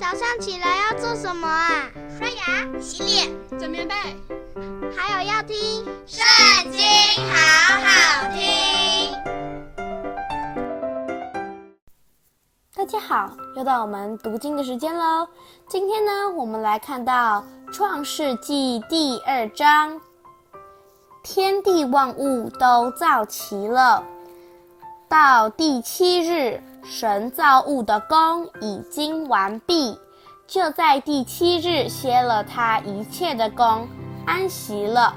早上起來要做什麼啊？刷牙、洗臉、準備背，還有要聽《聖經好好聽》。大家好，又到我們讀經的時間嘍。今天呢，我們來看到《創世記》第二章，天地萬物都造齊了。到第七日，神造物的工已經完畢，就在第七日歇了他一切的工，安息了。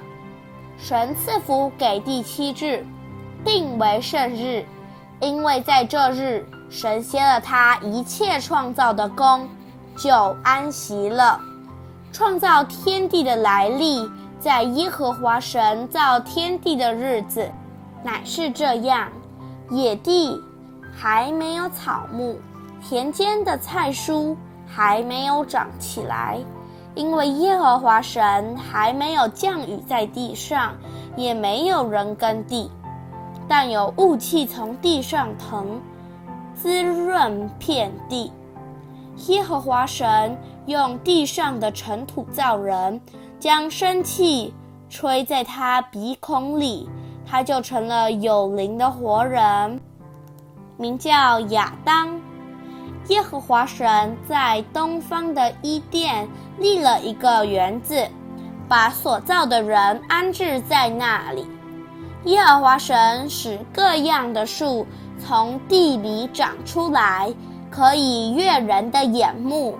神賜福給第七日，定為聖日，因為在這日神歇了他一切創造的工，就安息了。創造天地的來歷，在耶和華神造天地的日子，乃是這樣。野地還沒有草木，田間的菜蔬還沒有長起來，因為耶和華神還沒有降雨在地上，也沒有人耕地。但有霧氣從地上騰，滋潤遍地。耶和華神用地上的塵土造人，將生氣吹在他鼻孔裡。他就成了有靈的活人，名叫亞當。耶和華神在東方的伊甸立了一個園子，把所造的人安置在那裡。耶和華神使各樣的樹從地裡長出來，可以悅人的眼目，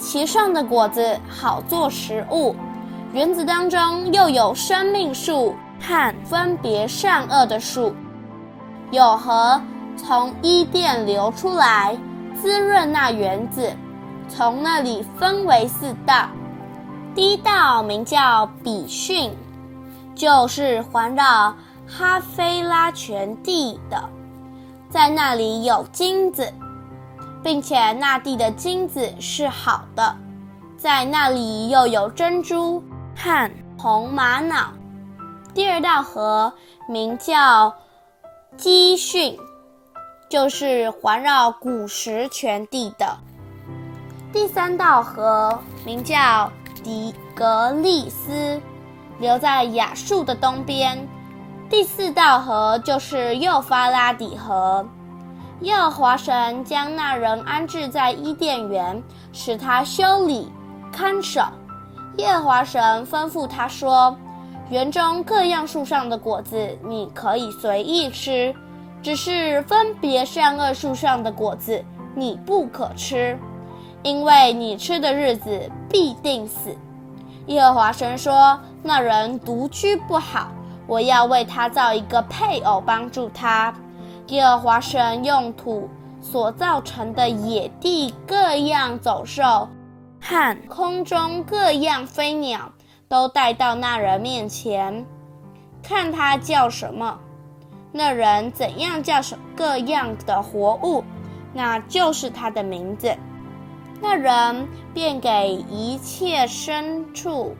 其上的果子好作食物。園子當中又有生命樹。看，分別善惡的樹，有河從伊甸流出來，滋潤那園子，從那裡分為四道。第一道名叫比遜，就是環繞哈腓拉全地的，在那裡有金子，並且那地的金子是好的，在那裡又有珍珠和紅瑪瑙。第二道河名叫基訓，就是環繞古實全地的。第三道河名叫底格里斯，流在亞述的東邊。第四道河就是幼發拉底河。耶和華神將那人安置在伊甸園，使他修理，看守。耶和華神吩咐他說。園中各樣樹上的果子，你可以隨意吃，只是分別善惡樹上的果子，你不可吃，因為你吃的日子必定死。耶和華神說，那人獨居不好，我要為他造一個配偶幫助他。耶和華神用土所造成的野地各樣走獸，和空中各樣飛鳥，都帶到那人面前，看他叫什麼，那人怎樣叫什各樣的活物，那就是他的名字。那人便給一切牲畜、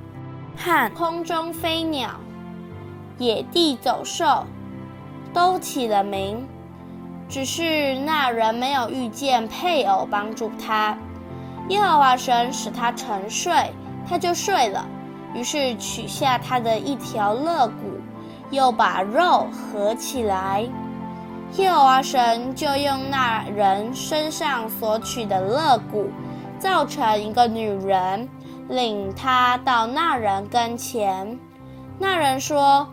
和空中飛鳥、野地走獸，都起了名。只是那人沒有遇見配偶幫助他，耶和華神使他沉睡，他就睡了。於是取下他的一條肋骨，又把肉合起來。耶和華神就用那人身上所取的肋骨，造成一個女人，領她到那人跟前。那人說：“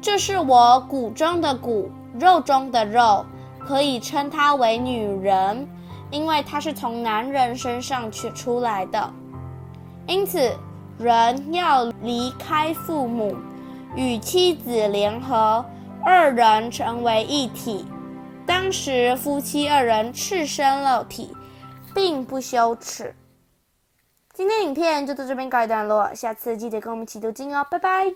這是我骨中的骨，肉中的肉，可以稱她為女人，因為她是從男人身上取出來的。因此。”人要離開父母，與妻子聯合，二人成為一體。當時夫妻二人赤身露體，並不羞恥。今天影片就到這邊告一段落，下次記得跟我們一起讀經哦，拜拜。